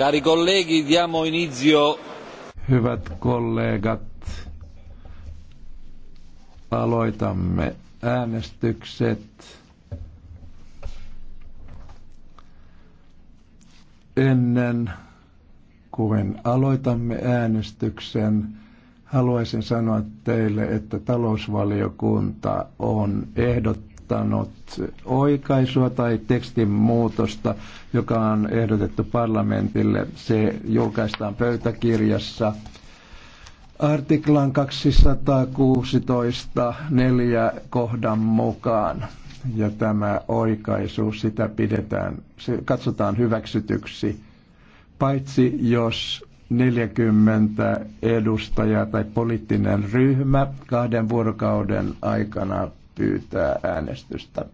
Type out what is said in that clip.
Cari colleghi, diamo inizio. Hyvät kollegat, aloitamme äänestykset. Ennen kuin aloitamme äänestyksen, haluaisin sanoa teille, että talousvaliokunta on ehdottanut, ehdottanut oikaisua tai tekstin muutosta, joka on ehdotettu parlamentille. Se julkaistaan pöytäkirjassa. Artiklan 216 neljä kohdan mukaan. Ja tämä oikaisu, sitä pidetään, se katsotaan hyväksytyksi, paitsi jos 40 edustajaa tai poliittinen ryhmä kahden vuorokauden aikana pyytää äänestystä.